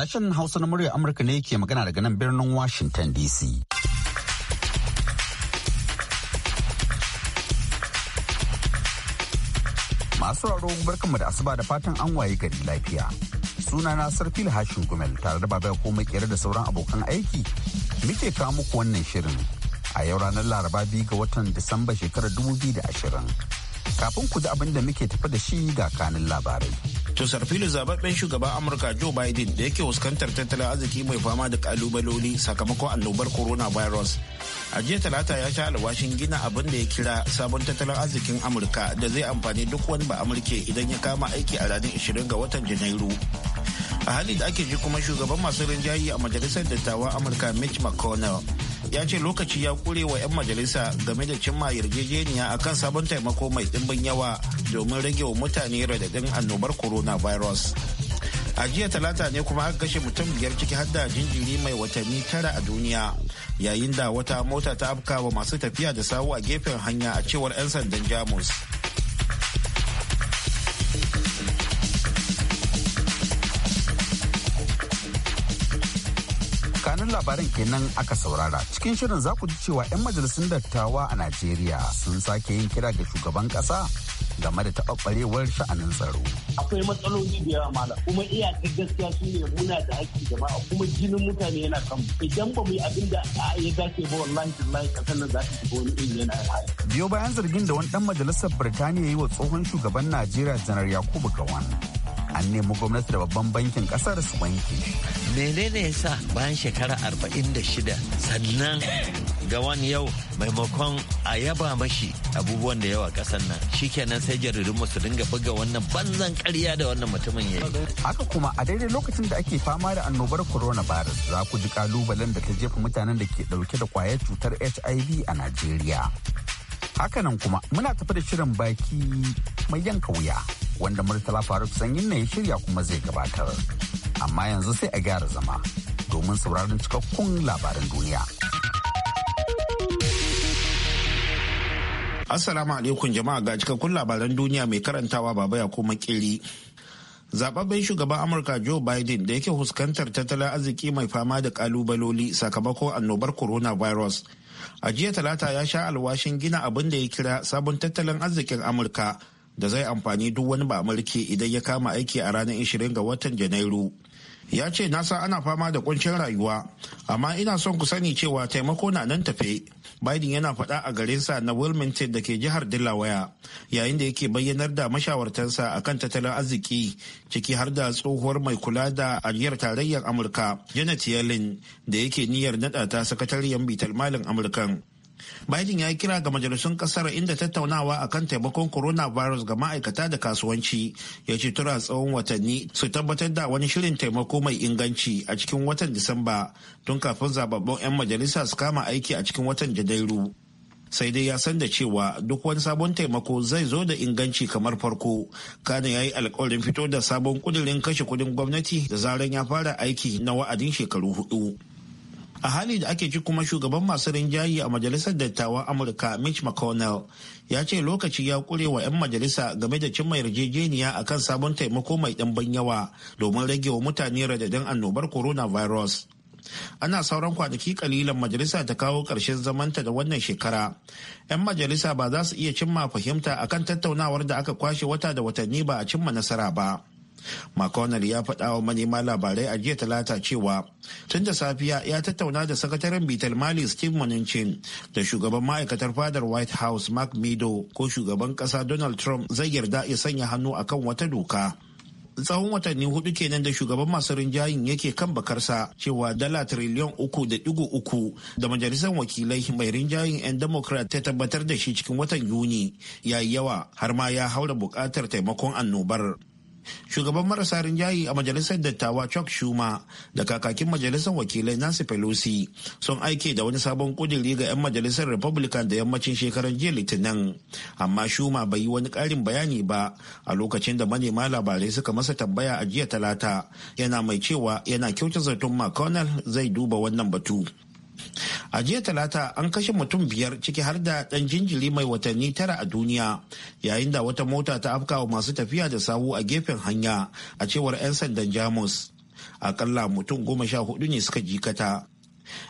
Sashen Hausa na murya Amurka ne ke magana daga nan birnin Washington DC. Masu raro barkanmu da asuba da fatan an waye gari lafiya. suna na Sarfil Hashin Gumel tare da babai ko makera da sauran abokan aiki muke kawo muku wannan shirin a yau ranar Laraba biyu ga watan Disamba shekarar 2020. Kafin ku ji abin da muke tafi da shi ga kanin labarai. to sarfili zababben shugaban amurka joe biden da yake fuskantar tattalin arziki mai fama da kalubaloli sakamakon annobar coronavirus a jiya talata ya sha alwashin gina abin da ya kira sabon tattalin arzikin amurka da zai amfani duk wani ba amurke idan ya kama aiki a ranar 20 ga watan janairu a halin da ake ji kuma shugaban masu rinjayi a majalisar dattawan amurka mitch mcconnell ya ce lokaci ya kure wa 'yan majalisa game da cimma yarjejeniya a kan sabon taimako mai ɗimbin yawa domin rage wa mutane radadin annobar coronavirus. a jiya talata ne kuma aka kashe mutum biyar ciki har da jinjiri mai watanni tara a duniya yayin da wata mota ta afka wa masu tafiya da sawu a gefen hanya a cewar 'yan sandan jamus labaran kenan aka saurara cikin shirin za ku ji cewa 'yan majalisun dattawa a najeriya sun sake yin kira ga shugaban kasa game da taɓaɓɓarewar sha'anin tsaro. akwai matsaloli da yawa mala kuma iyaka gaskiya su ne muna da haƙƙi jama'a kuma jinin mutane yana kan idan ba mu yi abin da ya dace ba wallahi tallahi kasar nan za ta shiga wani irin yana biyo bayan zargin da wani dan majalisar birtaniya yi wa tsohon shugaban najeriya janar yakubu gawan an nemi gwamnati da babban bankin kasar su wanke. menene yasa bayan shekara arba'in da shida sannan ga wani yau maimakon a yaba mashi abubuwan da yawa kasan nan shikenan sai jaridun su dinga buga wannan banzan karya da wannan mutumin ya yi haka kuma a daidai lokacin da ake fama da annobar coronavirus za ku ji kalubalen da ta jefa mutanen da ke dauke da kwayar cutar hiv a najeriya Hakanan kuma muna tafi da shirin baki mai yanka wuya wanda Murtala Faruk Sanyin ne ya shirya kuma zai gabatar. Amma yanzu sai a gyara zama domin sauraron cikakkun labaran duniya. Assalamu alaikum jama'a ga cikakkun labaran duniya mai karantawa baba ya kuma kiri. zababben shugaban amurka joe biden da yake fuskantar tattalin arziki mai fama da kalubaloli sakamakon annobar coronavirus a jiya talata ya sha alwashin gina abin da ya kira sabon tattalin arzikin amurka da zai amfani duk wani ba mulki idan ya kama aiki a ranar 20 ga watan janairu ya ce na sa ana fama da kuncin rayuwa amma ina son ku sani cewa taimako na nan tafe biden yana faɗa a garinsa na wilmington da ke jihar delaware yayin da yake bayyanar da mashawartansa akan tattalin arziki ciki har da tsohuwar mai kula da ajiyar tarayyar amurka janet yellen da yake niyyar naɗa ta sakatariyar bitar malin amurkan Biden ya yi kira ga majalisun kasar inda tattaunawa a kan taimakon coronavirus ga ma'aikata da kasuwanci ya ce tura tsawon watanni su tabbatar da wani shirin taimako mai inganci a cikin watan Disamba tun kafin zababbun 'yan majalisa su kama aiki a cikin watan Janairu. sai dai ya san da cewa duk wani sabon taimako zai zo da inganci kamar farko kana ya yi alkawarin fito da sabon kudirin kashe kudin gwamnati da zaren ya fara aiki na wa'adin shekaru hudu. a hali da ake ci kuma shugaban masu rinjaye a majalisar dattawan amurka mitch mcconnell ya ce lokaci ya kure wa 'yan majalisa game da cimma yarjejeniya a kan sabon taimako mai ɗanban yawa domin rage wa mutane radadin annobar coronavirus ana sauran kwanaki kalilan majalisa ta kawo ƙarshen zamanta da wannan shekara 'yan majalisa ba za su iya cimma fahimta akan tattaunawar da aka kwashe wata da watanni ba a cimma nasara ba mcconnell ya faɗa wa manema labarai a jiya talata cewa tun da safiya ya tattauna da sakataren bitel mali steve mnuchin da shugaban ma'aikatar fadar white house mark meadow ko shugaban ƙasa donald trump zai yarda ya sanya hannu akan wata doka tsawon watanni hudu kenan da shugaban masu rinjayin yake kan bakarsa cewa dala triliyan uku da digo uku da majalisar wakilai mai rinjayin 'yan democrat ta tabbatar da shi cikin watan yuni ya yi yawa har ma ya haura bukatar taimakon annobar shugaban marasa rinjaye a majalisar dattawa chuck schumer da kakakin majalisar wakilai nancy pelosi sun aike da wani sabon kudiri ga 'yan majalisar republican da yammacin shekarar jiya litinin amma schumer bai yi wani karin bayani ba a lokacin da manema labarai suka masa tambaya a jiya talata yana mai cewa yana kyautar zaton mcconnell zai duba wannan batu a jiya talata an kashe mutum biyar ciki har da ɗan jinjiri mai watanni tara a duniya yayin da wata mota ta afkawa masu tafiya da sawu a gefen hanya a cewar 'yan sandan jamus akalla mutum goma sha hudu ne suka jikata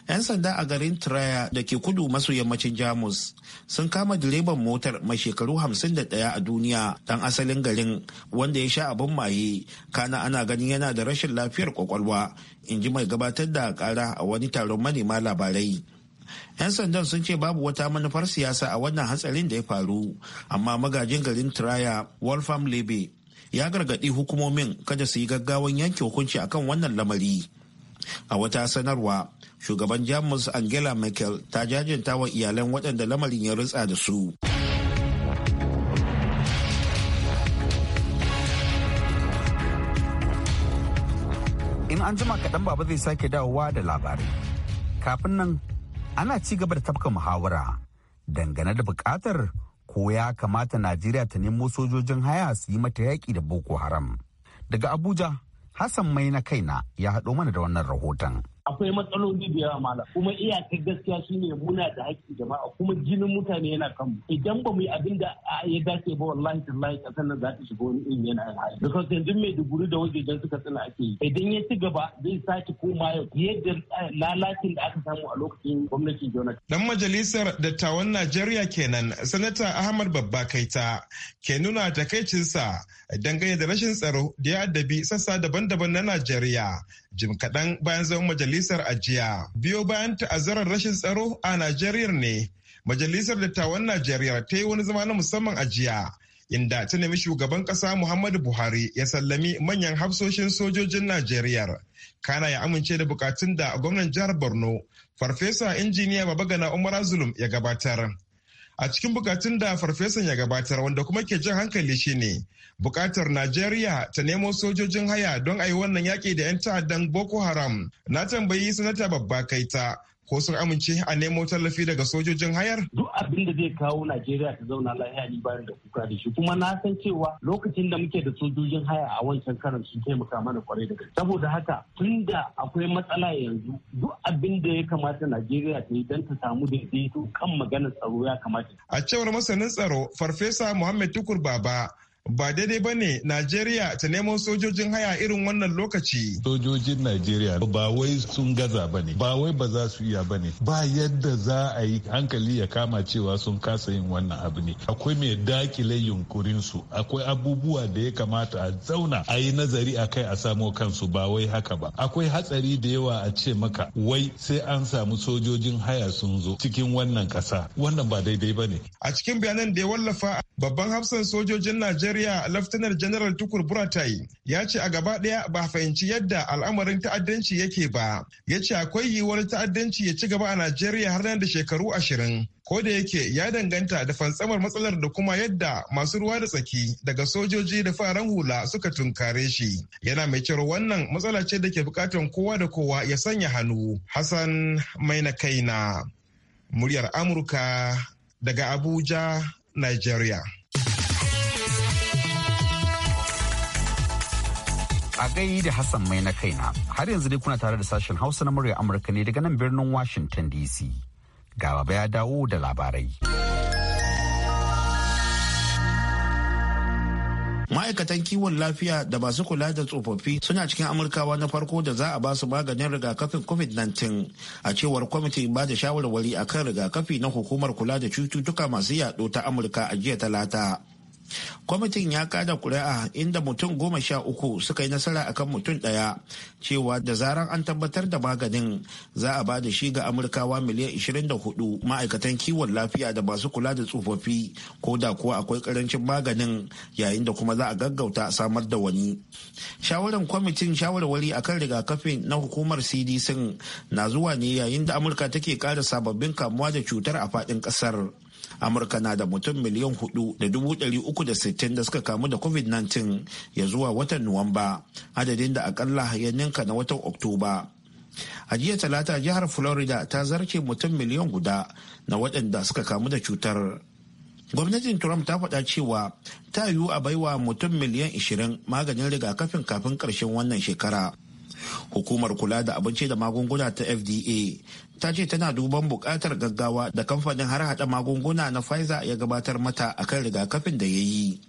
'yan sanda a garin traya da ke kudu maso yammacin jamus sun kama direban motar mai shekaru hamsin da 51 a duniya dan asalin garin wanda ya sha abin maye kana ana ganin yana da rashin lafiyar kwakwalwa in ji mai gabatar da kara a wani taron manema labarai 'yan sandan sun ce babu wata manufar siyasa a wannan hatsarin da ya faru amma magajin garin traya wolfram lebe ya gargaɗi hukumomin kada su yi gaggawan yanke hukunci akan wannan lamari a wata sanarwa shugaban jamus angela merkel ta jajanta wa iyalan waɗanda lamarin ya rutsa da su an jima kaɗan baba zai sake dawowa da labarai. Kafin nan ana ci gaba da tafka muhawara dangane da buƙatar ko ya kamata Najeriya ta nemo sojojin haya su yi mata yaƙi da Boko Haram. Daga Abuja, Hassan mai na kaina ya haɗo mana da wannan rahoton. akwai matsaloli da yawa mala kuma iyaka gaskiya shine muna da haƙƙi jama'a kuma jinin mutane yana kanmu idan ba mu yi abin da ya dace ba wallahi tallahi kasar nan za ta shiga wani irin yana hali da yanzu mai duguri da waje wajejen suka tsina ake yi idan ya ci gaba zai sake koma yadda fiye da lalacin da aka samu a lokacin gwamnati jonathan dan majalisar dattawan najeriya kenan sanata ahmad babba kaita ke nuna takaicinsa dangane da rashin tsaro da ya addabi sassa daban-daban na najeriya jim kaɗan bayan zaman majalisar majalisar ajiya Biyo bayan ta'azzarar rashin tsaro a Najeriya ne, majalisar dattawan Najeriya ta yi wani zama na musamman a jiya. Inda ta nemi shugaban ƙasa Muhammadu Buhari ya sallami manyan hafsoshin sojojin Najeriya. Kana ya amince da bukatun da gwamnan jihar Borno, Farfesa Injiniya Babagana Umar Zulum ya gabatar. a cikin bukatun da farfesan ya gabatar wanda kuma ke jan hankali shine bukatar najeriya ta nemo sojojin haya don a yi wannan yaƙi da 'yan ta'addan boko haram na tambayi sanata babba kaita ko sun amince a nemo tallafi daga sojojin hayar? Duk abin da zai kawo Najeriya ta zauna lafiya ni bayan da kuka da shi kuma na san cewa lokacin da muke da sojojin haya a wancan karan sun taimaka mana kwarai da gaske. Saboda haka tun da akwai matsala yanzu duk abin da ya kamata Najeriya ta yi don ta samu daidaito kan maganar tsaro ya kamata. A cewar masanin tsaro Farfesa Muhammad Tukur Baba ba daidai ba ne najeriya ta neman sojojin haya irin wannan lokaci sojojin najeriya ba wai sun gaza ba ne ba wai ba za su iya ba ne ba yadda za a yi hankali ya kama cewa sun kasa yin wannan abu ne akwai mai dakile yunkurin su akwai abubuwa da ya kamata a zauna a yi nazari a kai a samo kansu ba wai haka ba akwai hatsari da yawa a ce maka wai sai an samu sojojin haya sun zo cikin wannan kasa wannan ba daidai ba ne a cikin bayanan da ya wallafa babban hafsan sojojin najeriya Najeriya Laftanar General Tukur Buratai ya ce a gaba ɗaya ba fahimci yadda al'amarin ta'addanci yake ba. Ya ce akwai yiwuwar ta'addanci ya ci gaba a Najeriya har nan da shekaru ashirin. Ko da yake ya danganta da fantsamar matsalar da kuma yadda masu ruwa da tsaki daga sojoji da faran hula suka tunkare shi. Yana mai cewa wannan matsala ce da ke bukatar kowa da kowa ya sanya hannu. Hassan Maina Kaina, muryar Amurka daga Abuja, Nigeria. A gai da Hassan mai na kaina, har yanzu dai kuna tare da sashen Hausa na murya Amurka ne daga nan birnin Washington DC. Ga ya dawo da labarai. Ma'aikatan kiwon lafiya da masu kula da tsofaffi suna cikin Amurkawa na farko da za a ba su maganin rigakafin COVID-19 a cewar kwamitin ba da shawarwari akan rigakafi na hukumar kula da cututtuka masu yaɗo ta Amurka a jiya talata. kwamitin ya kada kuri'a inda mutum goma sha uku suka yi nasara akan mutum daya cewa da zaran an tabbatar da maganin za a ba shi ga amurkawa miliyan 24 ma'aikatan kiwon lafiya da masu kula da tsofaffi ko da kuwa akwai karancin maganin yayin da kuma za a gaggauta samar da wani shawarar kwamitin shawarwari akan rigakafin na hukumar cdc na zuwa ne yayin da amurka take kara sababbin kamuwa da cutar a faɗin ƙasar. amurka na da mutum miliyan hudu da dubu dari uku da sittin da suka kamu da covid-19 ya zuwa watan nuwamba adadin da akalla ya ninka na watan oktoba a jiya talata jihar florida ta zarce mutum miliyan guda na waɗanda suka kamu da cutar gwamnatin trump ta faɗa cewa ta yiwu a baiwa mutum miliyan 20 maganin rigakafin kafin ƙarshen wannan shekara hukumar kula da abinci da magunguna ta fda ta ce tana duban buƙatar gaggawa da kamfanin har hada magunguna na Pfizer ya gabatar mata akan rigakafin da ya yi.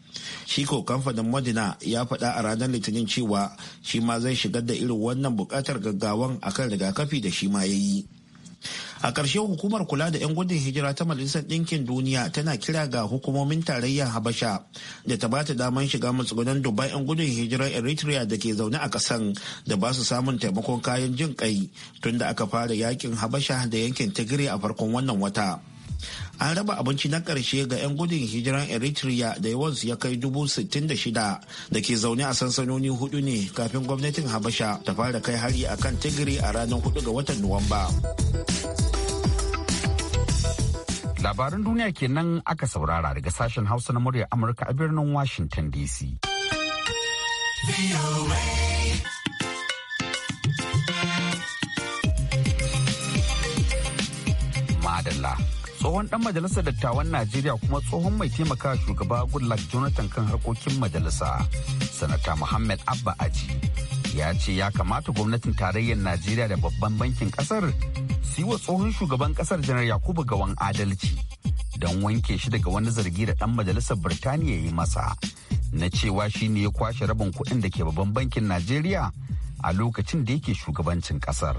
Shi ko kamfanin Modena ya faɗa a ranar Litinin cewa shi ma zai shigar da irin wannan buƙatar gaggawan akan rigakafi da shi ma ya yi. a ƙarshe hukumar kula da 'yan gudun hijira ta majalisar ɗinkin duniya tana kira ga hukumomin tarayyar habasha da ta bata damar shiga matsugunan dubban 'yan gudun hijirar eritrea da ke zaune a ƙasan da ba su samun taimakon kayan jin kai tun aka fara yakin habasha da yankin Tigray a farkon wannan wata an raba abinci na karshe ga 'yan gudun hijiran eritrea da yawansu ya kai dubu sittin da shida da ke zaune a sansanoni hudu ne kafin gwamnatin habasha ta fara kai hari a kan tigiri a ranar huɗu ga watan nuwamba labaran duniya kenan aka saurara daga sashen hausa na murya amurka a birnin washington dc madalla tsohon dan majalisar dattawan najeriya kuma tsohon mai taimaka shugaba goodluck jonathan kan harkokin majalisa sanata muhammad abba aji ya ce ya kamata gwamnatin tarayyar najeriya da babban bankin kasar su wa tsohon shugaban kasar janar yakubu gawan adalci don wanke shi daga wani zargi da dan majalisar birtaniya ya yi masa na cewa shi ne ya kwashe rabin kuɗin da ke babban bankin najeriya a lokacin da yake shugabancin kasar.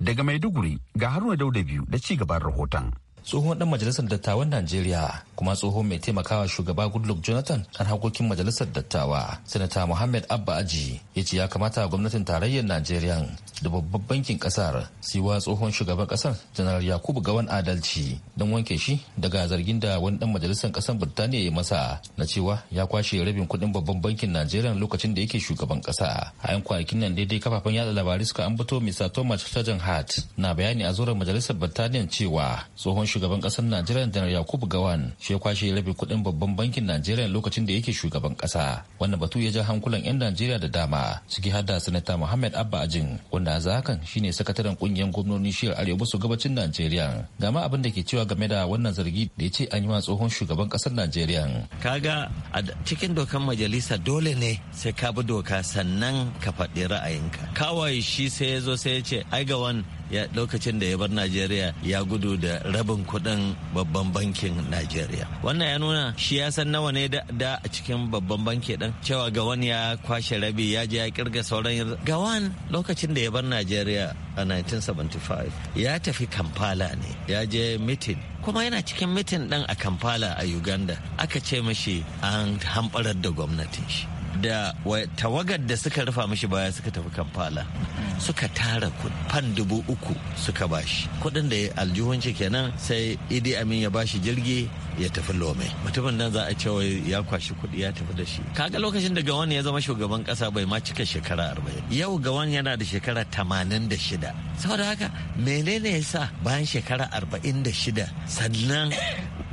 Daga Maiduguri ga Haruna Dauda biyu da ci gaban rahoton. tsohon dan majalisar dattawan najeriya kuma tsohon mai taimakawa shugaba goodluck jonathan kan hakokin majalisar dattawa sanata muhammad abba aji ya ce ya kamata gwamnatin tarayyar najeriya da babban bankin kasar siwa tsohon shugaban kasar janar yakubu gawan adalci don wanke shi daga zargin da wani dan majalisar kasar birtaniya ya masa na cewa ya kwashe rabin kuɗin babban bankin najeriya lokacin da yake shugaban kasa a yan kwanakin nan daidai kafafen yada labarai suka ambato mr thomas tajan hart na bayani a zuwan majalisar birtaniya cewa tsohon shugaban kasar najeriya janar yakubu gawan shi ya kwashe rabe kuɗin babban bankin najeriya lokacin da yake shugaban kasa wannan batu ya ja hankulan 'yan najeriya da dama ciki har da sanata muhammad abba ajin wanda a hakan ne sakataren kungiyar gwamnoni shiyar arewa su gabacin najeriya ga ma abin da ke cewa game da wannan zargi da ya ce an yi wa tsohon shugaban kasar najeriya kaga a cikin dokan majalisa dole ne sai ka bi doka sannan ka faɗi ra'ayinka kawai shi sai ya zo sai ya ce ai ga wani ya lokacin da ya bar najeriya ya gudu da rabin kuɗin babban bankin najeriya wannan ya nuna shi ya san nawa ne da a cikin babban banki ɗin cewa ga wani ya kwashe rabi ya je ya kirga sauran ga wani lokacin da ya bar najeriya a 1975 ya tafi kampala ne ya je mitin kuma yana cikin mitin ɗin a kampala a uganda aka ce mashi an hamɓarar da gwamnatin shi da tawagar da suka rufa mishi baya suka tafi kamfala suka tara kufan dubu uku suka bashi Kudin da aljihun kenan sai idi amin ya bashi jirgi ya tafi lome mutumin nan za a cewa ya kwashi kuɗi ya tafi da shi kaga lokacin da gawan ya zama shugaban kasa bai ma cika shekara arba'in yau gawan yana da shekara tamanin da shida saboda haka menene ya sa bayan shekara arba'in da shida sannan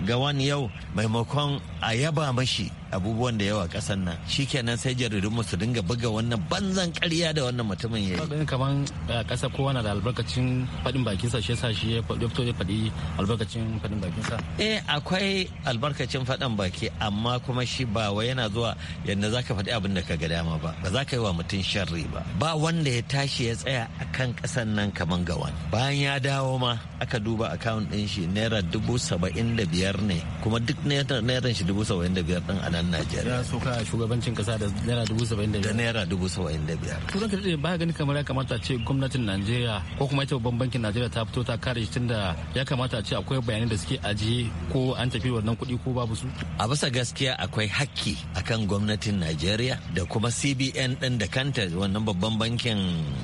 gawan yau maimakon a yaba mashi abubuwan da yawa kasan nan shikenan sai jaridun su dinga buga wannan banzan ƙarya da wannan mutumin yayi kaga kaman kasa eh, kowa da albarkacin fadin bakin sa shi yasa shi ya fito ya fadi albarkacin fadin bakin sa eh akwai albarkacin faɗin baki amma kuma shi ba wai yana zuwa yadda za ka faɗi abin da ka ga dama ba ba za ka yi wa mutum sharri ba ba wanda ya tashi ya tsaya a kan kasan nan kaman ga wani. bayan ya dawo ma aka duba akawun din shi naira dubu saba'in da biyar ne kuma duk naira shi dubu saba'in da biyar ɗin ana nan najeriya ya soka shugabancin kasa da naira dubu saba'in da biyar da naira dubu saba'in da biyar turan ka daɗe baya gani kamar ya kamata ce gwamnatin najeriya ko kuma ita babban bankin najeriya ta fito ta kare shi tunda ya kamata ce akwai bayanai da suke ajiye ko an tafi wannan kuɗi ko babu su a bisa gaskiya akwai hakki akan gwamnatin najeriya da kuma cbn ɗin da kanta wannan babban bankin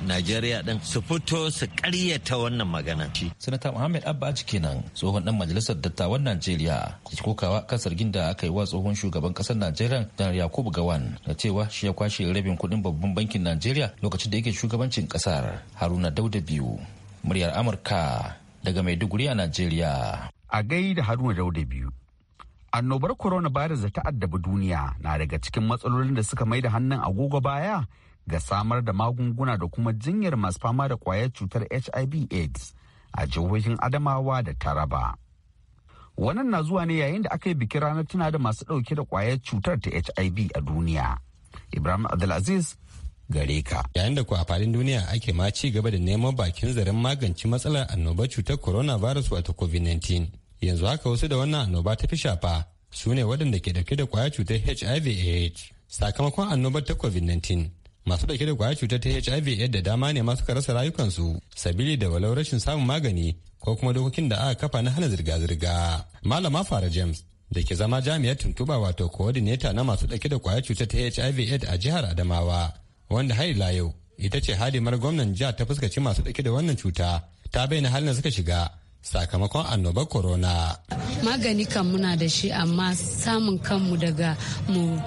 najeriya ɗin su fito su ƙaryata wannan magana sanata muhammad abba kenan tsohon ɗan majalisar dattawan najeriya kokawa kan sargin da aka yi wa tsohon shugaban ƙasa kasar najeriya janar yakubu gawan da cewa shi ya kwashe rabin kudin babban bankin najeriya lokacin da yake shugabancin kasar haruna dauda biyu muryar amurka daga maiduguri a najeriya a gaida haruna dauda biyu annobar Corona coronavirus da ta addabi duniya na daga cikin matsalolin da suka mai da hannun agogo baya ga samar da magunguna da kuma jinyar masu fama da kwayar cutar hiv aids a jihohin adamawa da taraba Wannan na zuwa ne yayin da aka yi bikin ranar tuna da masu ɗauke da ƙwayar cutar ta HIV a duniya. Ibrahim Abdulaziz gare ka. Yayin da ku a faɗin duniya ake ma ci gaba da neman bakin zaren magance matsalar annobar cutar corona coronavirus wato COVID-19. Yanzu haka wasu da wannan annoba ta fi shafa su ne waɗanda ke ɗauke da kwayar cutar HIV AIDS. Sakamakon annobar ta COVID-19 masu ɗauke da kwayar cutar ta HIV AIDS da dama ne masu rasa rayukansu sabili da walau rashin samun magani ko kuma dokokin da aka kafa na hana zirga-zirga malama fara james da ke zama jami'ar tuntuba wato coordinator na masu ɗauke da kwayar cutar ta hiv a jihar adamawa wanda har ila yau ita ce hadimar gwamnan jihar ta fuskaci masu ɗauke da wannan cuta ta bayyana halin da suka shiga sakamakon annobar corona. magani kan muna da shi amma samun kanmu daga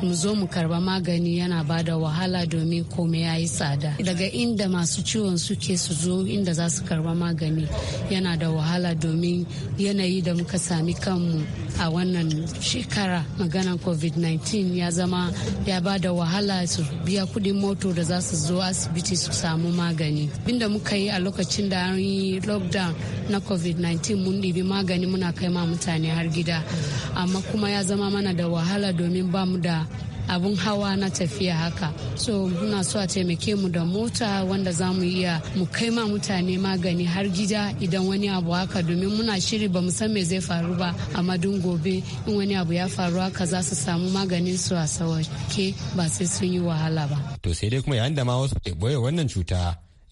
mu zo mu karba magani yana ba da wahala domin kome ya yi tsada daga inda masu ciwon suke su zo inda za su karba magani yana da wahala domin yanayi da muka sami kanmu a wannan shekara maganan covid-19 ya zama ya ba da wahala su biya kudin moto da za su zo asibiti su samu magani binda muka yi a lokacin da an lockdown na covid covid mun ɗibi magani muna kai ma mutane har gida amma kuma ya zama mana da wahala domin ba mu da abun hawa na tafiya haka so muna so a taimake mu da mota wanda za mu iya mu kai ma mutane magani har gida idan wani abu haka domin muna shiri ba mu san me zai faru ba amma dun gobe in wani abu ya faru haka za su samu maganin su a sawake ba sai sun yi wahala ba to sai dai kuma yayin da ma wasu ke boye wannan cuta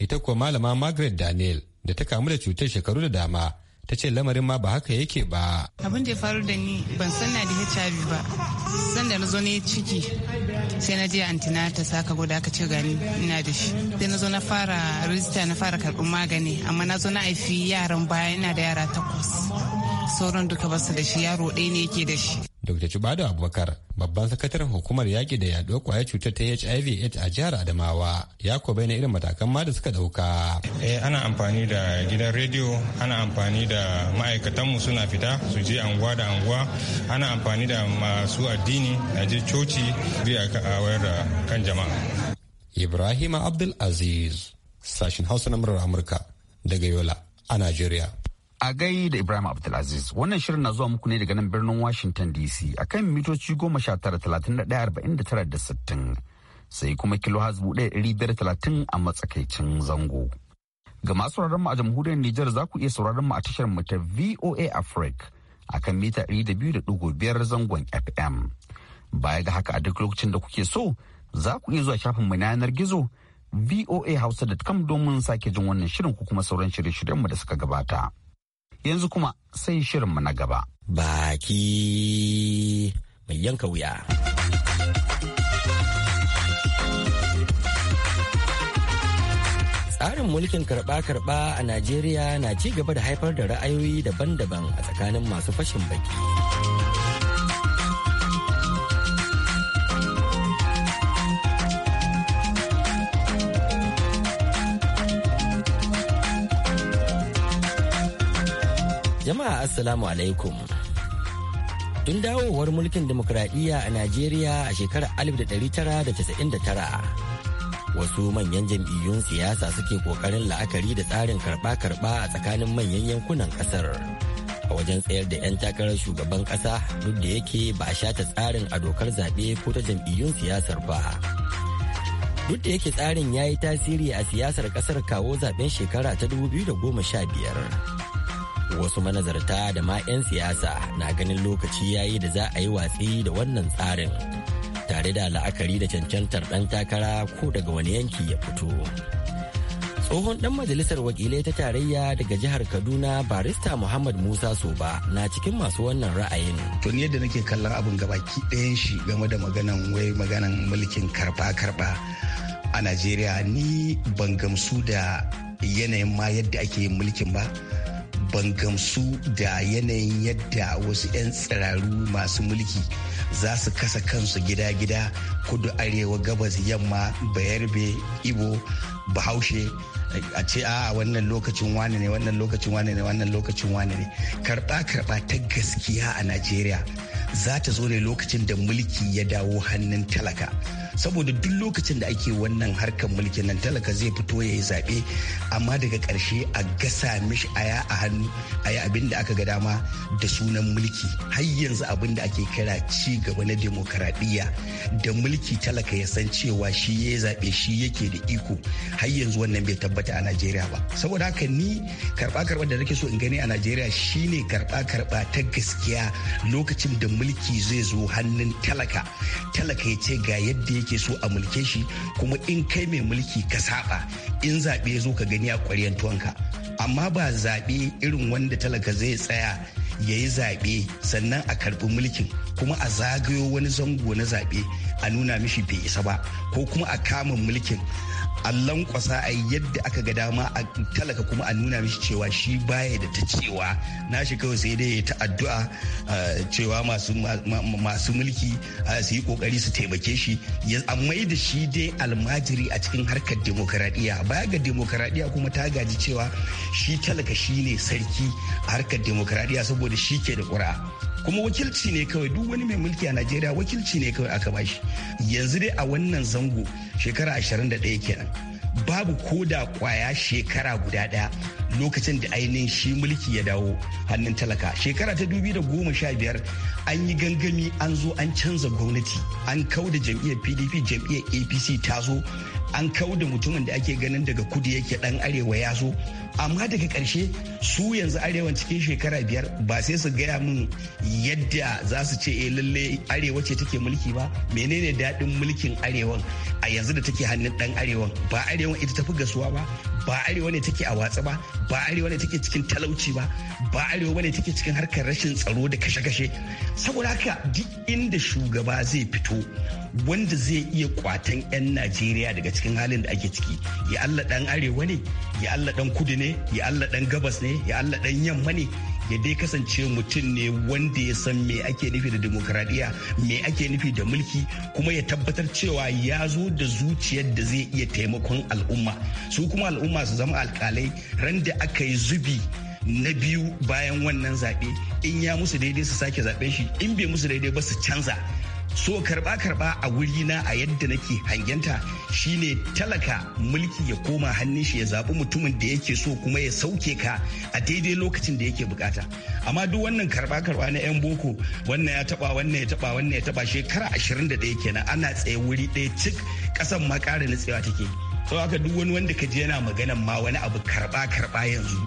ita kuwa malama margaret daniel da ta kamu da cutar shekaru da dama ta ce lamarin ma ba haka yake ba. Abin da ya faru da ni ban san na da HIV ba. San da na zo ne ciki sai na je antina ta saka gwada aka ce gani ina da shi. Sai na zo na fara rijista na fara karɓar magani amma na zo na haifi yaran baya ina da yara takwas. Sauran duka basu da shi yaro ɗaya ne yake da shi. Dr. Chibado Abubakar babban sakataren hukumar yaƙi da yaɗuwar ƙwayar cutar ta HIV a jihar Adamawa ya ko na irin matakan ma da suka ɗauka. Eh ana amfani da gidan rediyo, ana amfani da ma'aikatanmu suna fita su je anguwa da anguwa, ana amfani da masu addini a je coci biya a wayar da kan jama'a. Ibrahim Abdul Aziz, sashin Hausa na Amurka daga Yola a Najeriya. A gai da Ibrahim Abdulaziz wannan shirin na zuwa muku ne daga nan birnin Washington DC a kan mitoci goma sha sai kuma kilo hasbu a matsakaicin zango. Ga masu sauraron mu a jamhuriyar Nijar za ku iya sauraron mu a tashar mu ta VOA Africa a kan mita 200.5 da zangon FM. Baya ga haka a duk lokacin da kuke so za ku iya zuwa shafin mu yanar gizo Hausa kam domin sake jin wannan shirin ko kuma sauran shirye-shiryenmu da suka gabata. Yanzu kuma sai mu na gaba. Baki mai yanka wuya. Tsarin mulkin karɓa-karɓa a Najeriya na ci gaba da haifar da ra'ayoyi daban-daban a tsakanin masu fashin baki. Jama'a Assalamu alaikum. Tun dawowar mulkin demokradiyya a Najeriya a shekarar 1999, wasu manyan jam'iyyun siyasa suke kokarin la'akari da tsarin karɓa-karɓa a tsakanin manyan yankunan ƙasar. A wajen tsayar da 'yan takarar shugaban ƙasa duk da yake ba a shata tsarin a dokar zaɓe ko ta jam'iyyun siyasar ba. duk da yake tsarin ya yi tasiri a siyasar kasar kawo zaɓen shekara ta 2015 wasu manazarta da ma 'yan siyasa na ganin lokaci yayi da za a yi watsi da wannan tsarin tare da la'akari da cancantar ɗan takara ko daga wani yanki ya fito tsohon ɗan majalisar wakilai ta tarayya daga jihar kaduna barista muhammad musa soba na cikin masu wannan ra'ayin to ni yadda nake kallon abin gabaki ɗayan shi game da maganan wai maganan mulkin karba karba a najeriya ni ban gamsu da yanayin ma yadda ake yin mulkin ba ban gamsu da yanayin yadda wasu 'yan tsiraru masu mulki za su kasa kansu gida-gida kudu arewa gabas yamma bayarbe ibo bahaushe a ce a wannan lokacin wane ne wannan lokacin wane ne wannan lokacin wane ne karɓa-karɓa ta gaskiya a najeriya za ta zo ne lokacin da mulki ya dawo hannun talaka saboda duk lokacin da ake wannan harkar mulkin nan talaka zai fito ya yi zaɓe amma daga ƙarshe a gasa mishi aya a hannu a yi abin da aka ga dama da sunan mulki har yanzu abin da ake kira ci gaba na demokaradiyya da mulki talaka ya san cewa shi ya yi zaɓe shi yake da iko har yanzu wannan bai tabbata a najeriya ba saboda haka ni karɓa karɓa da nake so in gani a najeriya shine karɓa karɓa ta gaskiya lokacin da mulki zai zo hannun talaka talaka ya ce ga yadda yake so a mulke shi kuma in kai mai mulki ka saba in zaɓe ya zo ka gani a ƙwaryen tuwanka amma ba zaɓe irin wanda talaka zai tsaya ya yi zaɓe sannan a karɓi mulkin kuma a zagayo wani zango na zaɓe a nuna mishi bai isa ba ko kuma a kama mulkin a lankwasa a yadda aka ga dama a talaka kuma a nuna mishi cewa shi baya da ta cewa na shi kawai sai dai ta addu'a ah, cewa masu mulki ah, su yi kokari su taimake shi a mai da shi dai almajiri a cikin harkar demokaradiyya baya ga demokaradiyya kuma ta gaji cewa shi talaka shi ne sarki a harkar demokaradiyya saboda shi ke da ƙura kuma wakilci ne kawai duk wani mai mulki a najeriya wakilci ne kawai aka bashi yanzu dai a wannan zango shekara 21 kenan babu koda kwaya shekara guda daya lokacin da ainihin shi mulki ya dawo hannun talaka shekara ta da goma sha biyar an yi gangami an zo an canza gwamnati an kauda jam'iyyar pdp jam'iyyar apc ta zo an kauda mutumin da ake ganin daga kudu yake dan arewa ya zo amma daga karshe su yanzu arewa cikin shekara biyar ba sai su gaya min yadda za su ce eh lalle arewa ce take mulki ba menene daɗin mulkin arewan a yanzu da take hannun dan arewan ba arewan ita tafi gasuwa ba ba arewa ne take a watsa ba ba arewa ne take cikin talauci ba ba arewa ne take cikin harkar rashin tsaro da kashe-kashe saboda haka duk inda shugaba zai fito wanda zai iya kwatan 'yan najeriya daga cikin halin da ake ciki ya allah dan arewa ne ya allah dan kudu ne ya allah dan gabas ne ya allah dan yamma ne ya dai kasance mutum ne wanda ya san me ake nufi da demokradiyya me ake nufi da mulki kuma ya tabbatar cewa ya zo da zuciyar da zai iya taimakon al'umma su kuma al'umma su zama alkalai ran da aka yi zubi na biyu bayan wannan zaɓe in ya musu daidai su sake zaɓen shi in bai musu daidai ba su canza so karba karba a wuri na a yadda nake hangenta shine talaka mulki ya koma hannun shi ya zaɓi mutumin da yake so kuma ya sauke ka a daidai lokacin da yake bukata amma duk wannan karba karba na yan boko wannan ya taba wannan ya taba wannan ya taba shekara ɗaya kenan ana tsaye wuri ɗaya cik kasan ma ƙara nutsewa take sau haka duk wani wanda ka je yana maganan ma wani abu karba karba yanzu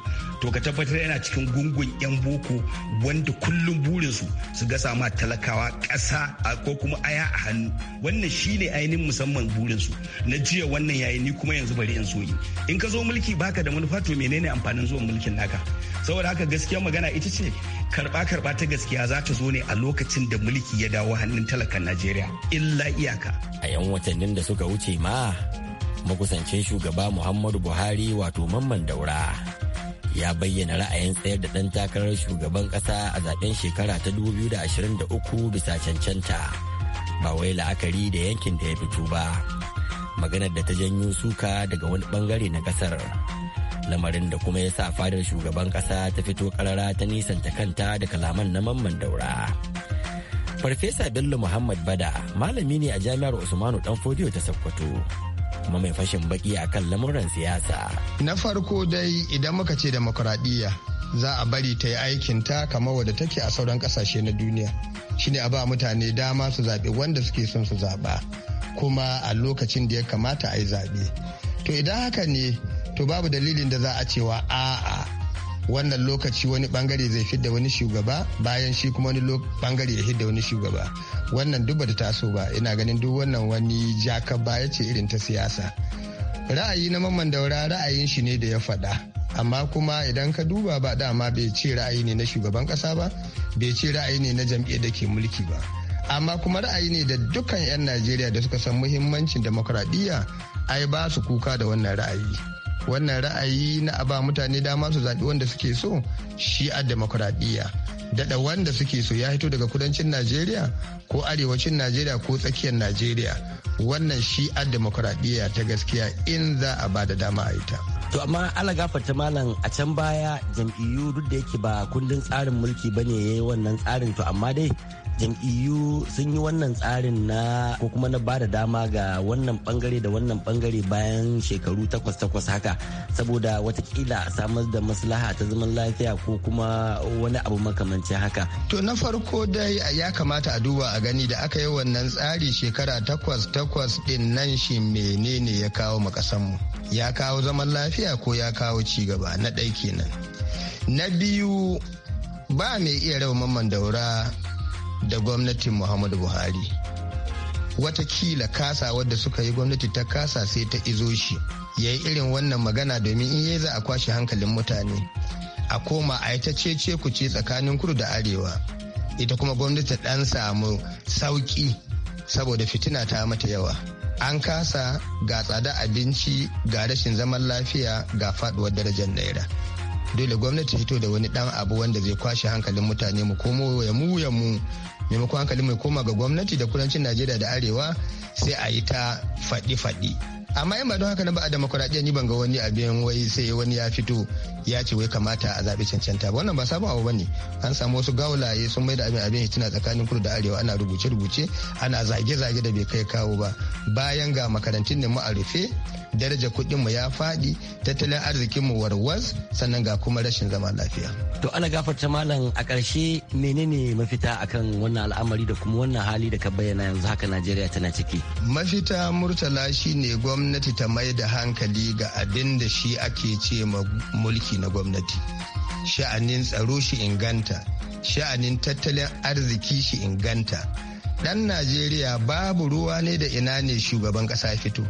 to ka tabbatar yana cikin gungun 'yan boko wanda kullum burinsu su ga sama talakawa ƙasa ko kuma aya a hannu wannan shine ainihin musamman burinsu na jiya wannan yayi ni kuma yanzu bari in soyi in ka zo mulki baka da manufa to menene amfanin zuwan mulkin naka saboda haka gaskiya magana ita ce karba karba ta gaskiya za ta zo ne a lokacin da mulki ya dawo hannun talakan Najeriya illa iyaka a yan watannin da suka wuce ma makusancin shugaba Muhammadu Buhari wato mamman daura ya bayyana ra'ayin tsayar da ɗan takarar shugaban ƙasa a zaben shekara ta 2023 bisa cancanta ba wai la'akari da yankin da ya fito ba maganar da ta janyo suka daga wani bangare na ƙasar lamarin da kuma ya sa fadar shugaban ƙasa ta fito ƙarara ta nisanta kanta da kalaman na mamman daura farfesa bello muhammad bada malami ne a jami'ar usmanu ɗan danfodiyo ta sokoto kuma mai fashin baki a kan lamuran siyasa. Na farko dai idan muka ce demokuraɗiyya za a bari ta yi aikinta kamar wadda take a sauran ƙasashe na duniya. Shine a ba mutane dama su zaɓi wanda suke son su zaɓa kuma a lokacin da ya kamata a yi zaɓe. To idan haka ne to babu dalilin da za a cewa a'a wannan lokaci wani bangare zai fidda wani shugaba bayan shi kuma wani bangare ya fidda wani shugaba wannan duba da taso ba ina ganin duk wannan wani jaka baya ce irin ta siyasa ra'ayi na mamman daura ra'ayin shi ne da ya faɗa amma kuma idan ka duba ba dama bai ce ra'ayi ne na shugaban kasa ba bai ce ra'ayi ne na jam'iyyar da ke mulki ba amma kuma ra'ayi ne da dukkan 'yan najeriya da suka san muhimmancin demokradiyya ai ba su kuka da wannan ra'ayi wannan ra'ayi na a ba mutane dama su zaɓi wanda suke so shi a demokuraɗiyya daɗa wanda suke so ya hito daga kudancin najeriya ko arewacin najeriya ko tsakiyar najeriya wannan shi a demokuraɗiyya ta gaskiya in za a ba da dama a ita to amma ala gafarta malam a can baya jam'iyyu duk da yake ba kundin tsarin mulki ba ne ya yi wannan tsarin to amma dai jam'iyyu sun yi wannan tsarin na ko kuma na bada dama ga wannan bangare da wannan bangare bayan shekaru takwas takwas haka saboda watakila a samar da maslaha ta zaman lafiya ko kuma wani abu makamancin haka. To na farko dai ya kamata a duba a gani da aka yi wannan tsari shekara takwas takwas din nan shi menene ya kawo mu ya kawo zaman lafiya ko ya kawo ci gaba na ɗai kenan. Na biyu ba mai iya raba mamman daura da gwamnatin muhammadu buhari watakila kasa wadda suka yi gwamnati ta kasa sai ta izo shi ya yi irin wannan magana domin in yi za a kwashe hankalin mutane a koma a ta cece ku ce tsakanin kudu da arewa ita kuma gwamnati dan samu sauƙi saboda fitina ta mata yawa an kasa ga tsada abinci ga rashin zaman lafiya ga faduwar darajar naira dole gwamnati fito da wani dan abu wanda zai kwashe hankalin mutane mu komo ya mu ya mu maimakon hankalin mai koma ga gwamnati da kudancin najeriya da arewa sai a yi ta faɗi-faɗi amma in ba don haka na ba a demokuraɗiyya ni ban ga wani abin wai sai wani ya fito ya ce wai kamata a zaɓi cancanta ba wannan ba sabon abu ne an samu wasu gaulaye sun mai da abin abin hitina tsakanin kudu da arewa ana rubuce rubuce ana zage zage da bai kai kawo ba bayan ga makarantun ne mu a rufe daraja kuɗin mu ya faɗi tattalin arzikin mu warwas sannan ga kuma rashin zama lafiya to ana gafarta malam a ƙarshe menene mafita akan wannan al'amari da kuma wannan hali da ka bayyana yanzu haka Najeriya tana ciki mafita murtala shine gwamnati gwamnati ta mai da hankali ga abin da shi ake ce ma mulki na gwamnati sha'anin tsaro shi inganta sha'anin tattalin arziki shi inganta ɗan najeriya babu ruwa ne da ina ne shugaban ƙasa fito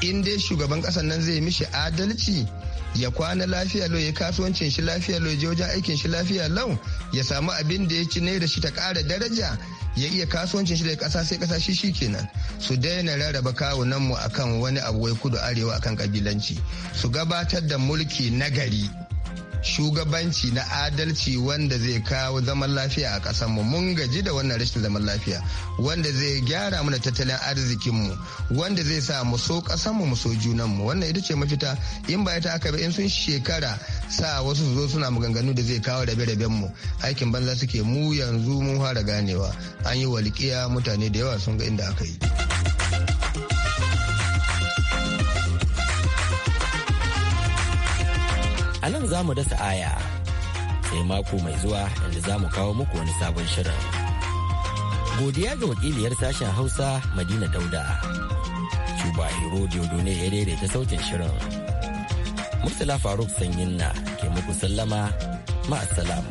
in dai shugaban ƙasan nan zai mishi adalci ya kwana lafiya lau ya kasuwancin shi lafiya lau je wajen aikin shi lafiya lau ya samu abin da ya ci ne da shi ta kara daraja ya iya kasuwancin shi da ƙasa sai ƙasa shi shi kenan su daina rarraba kawunan mu akan wani abu wai kudu arewa akan kabilanci su gabatar da mulki nagari shugabanci na adalci wanda zai kawo zaman lafiya a ƙasarmu mun gaji da wannan rashin zaman lafiya wanda zai gyara mana tattalin arzikinmu wanda zai sa mu so ƙasar mu so junan mu wannan ita ce mafita in ba ita aka ba in sun shekara sa wasu zo suna maganganu da zai kawo rabe-raben mu aikin banza suke mu yanzu mun fara ganewa an yi walƙiya mutane da yawa sun ga inda aka yi. a nan za mu dasa aya sai mako mai zuwa inda za mu kawo muku wani sabon shirin godiya ga wakiliyar sashen hausa madina dauda cuba hero ne ya daidaita sautin shirin murtala faruk sanyin na ke muku sallama ma'asalam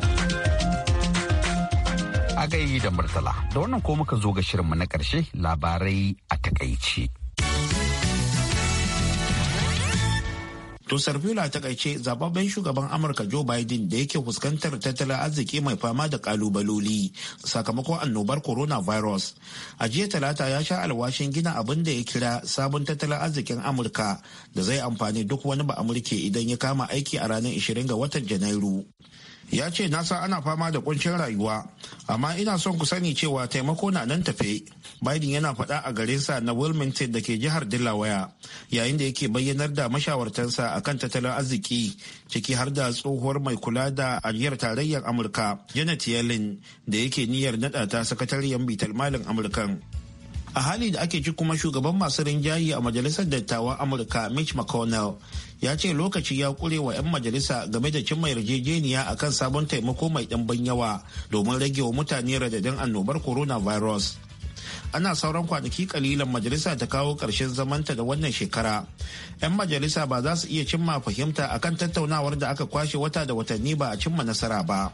a da murtala da wannan ko muka zo ga shirinmu na ƙarshe labarai a takaici. To Sarfila ta kaice zababben shugaban Amurka Joe Biden da yake fuskantar tattalin arziki mai fama da kalubaloli sakamakon annobar coronavirus. A jiya talata ya sha alwashin gina abin da ya kira sabon tattalin arzikin Amurka da zai amfani duk wani ba Amurke idan ya kama aiki a ranar 20 ga watan Janairu. Ya ce nasa ana fama da kuncin rayuwa amma ina son ku sani cewa taimako na nan tafe biden yana faɗa a garinsa na wilmington da ke jihar delaware yayin da yake bayyanar da mashawartansa kan tattalin arziki ciki har da tsohuwar mai kula da ajiyar tarayyar amurka janet yellen da yake niyyar naɗa ta sakatariyar bitar malin amurkan a hali da ake ci kuma shugaban masu rinjaye a majalisar dattawan amurka mitch mcconnell ya ce lokaci ya kure wa 'yan majalisa game da cimma yarjejeniya akan sabon taimako mai ɗanban yawa domin rage wa mutane radadin annobar coronavirus. ana sauran kwanaki kalilan majalisa ta kawo ƙarshen zamanta da wannan shekara. 'Yan majalisa ba za su iya cimma fahimta akan tattaunawar da aka kwashe wata da watanni ba a cimma nasara ba.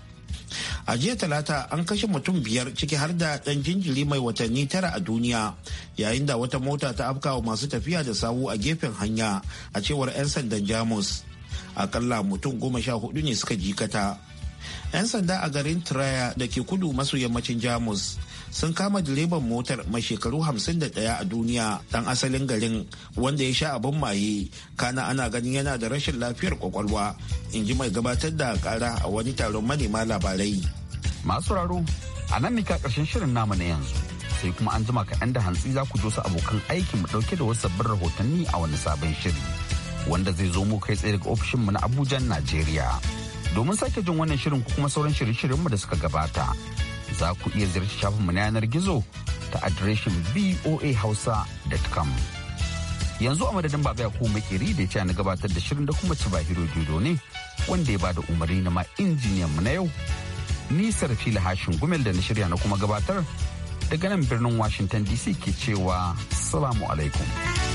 a jiya talata an kashe mutum biyar ciki har da dan jinjiri mai watanni tara a duniya yayin da wata mota ta afka wa masu tafiya da sawu a gefen hanya a cewar 'yan sandan jamus akalla mutum goma sha hudu ne suka jikata 'yan sanda a garin traya da ke kudu maso yammacin jamus sun kama direban motar mai shekaru 51 a duniya dan asalin garin wanda ya sha abin maye kana ana ganin yana da rashin lafiyar kwakwalwa in ji mai gabatar da kara a wani taron manema labarai masu raro a nan mika karshen shirin namu na yanzu sai kuma an jima kaɗan da hantsi za ku zo su abokan aiki mu ɗauke da wasu sabbin rahotanni a wani sabon shiri wanda zai zo mu kai tsaye daga ofishinmu na abuja najeriya domin sake jin wannan shirin ko kuma sauran shirye-shiryenmu da suka gabata za ku iya ziyarci shafinmu na yanar gizo ta adireshin voahausa.com. Yanzu a madadin baba ya kuma makeri da ya na gabatar da shirin da kuma ci bahiro judo ne wanda ya ba da umarni na ma injiniyan mu na yau. Ni Nisar la hashin gumel da na shirya na kuma gabatar daga nan birnin Washington DC ke cewa salamu alaikum.